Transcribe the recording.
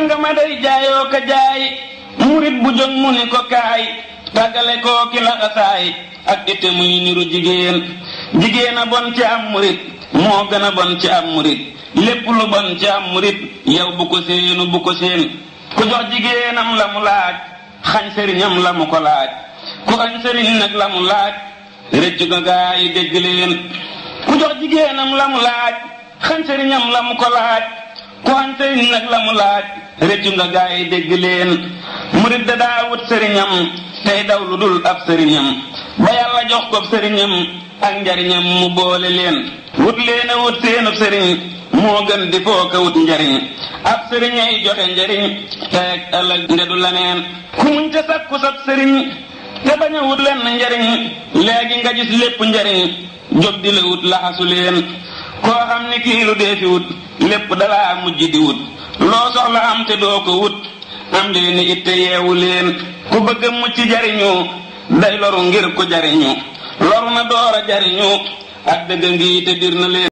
sanga ma day jaayoo jaay murit bu jóg mu ne ko kaay tàggale koo ki laxasaay ak ite muy niru jigéen jigéen a bon ci am murit moo gën a bon ci am murit lépp lu bon ci am murit yow bu ko séenu bu ku jox jigéenam la mu laaj xañ sëriñam la mu ko laaj ku xañ sëriñ nag la mu laaj rëccu nga gaa leen ku jox jigéenam la mu laaj xañ sëriñam la mu ko laaj sëriñ nag la mu laaj rëccu nga gaa yi dégg leen murit da daa wut sëriñam tey daw lu dul ab sëriñam ba yàlla jox ko sëriñam ak njariñam mu boole leen wut leen a wut seenub sëriñ moo gën di fooka wut njariñ ab sëriñ ay joxe njariñ tey ak ëllëg nde du laneen ku muñ te sakku sab sëriñ te bañ a wut lenn njariñ léegi nga gis lépp njariñ jóg di la wut laxasu leen koo xam ni kii lu dee fi wut lépp dalaa mujj di wut loo soxla am te doo ko wut am leen ni itte yeewu leen ku bëgg a mucc jariñu day loru ngir ku jariñu loru na door a jariñu ak dëgg ngi te na leen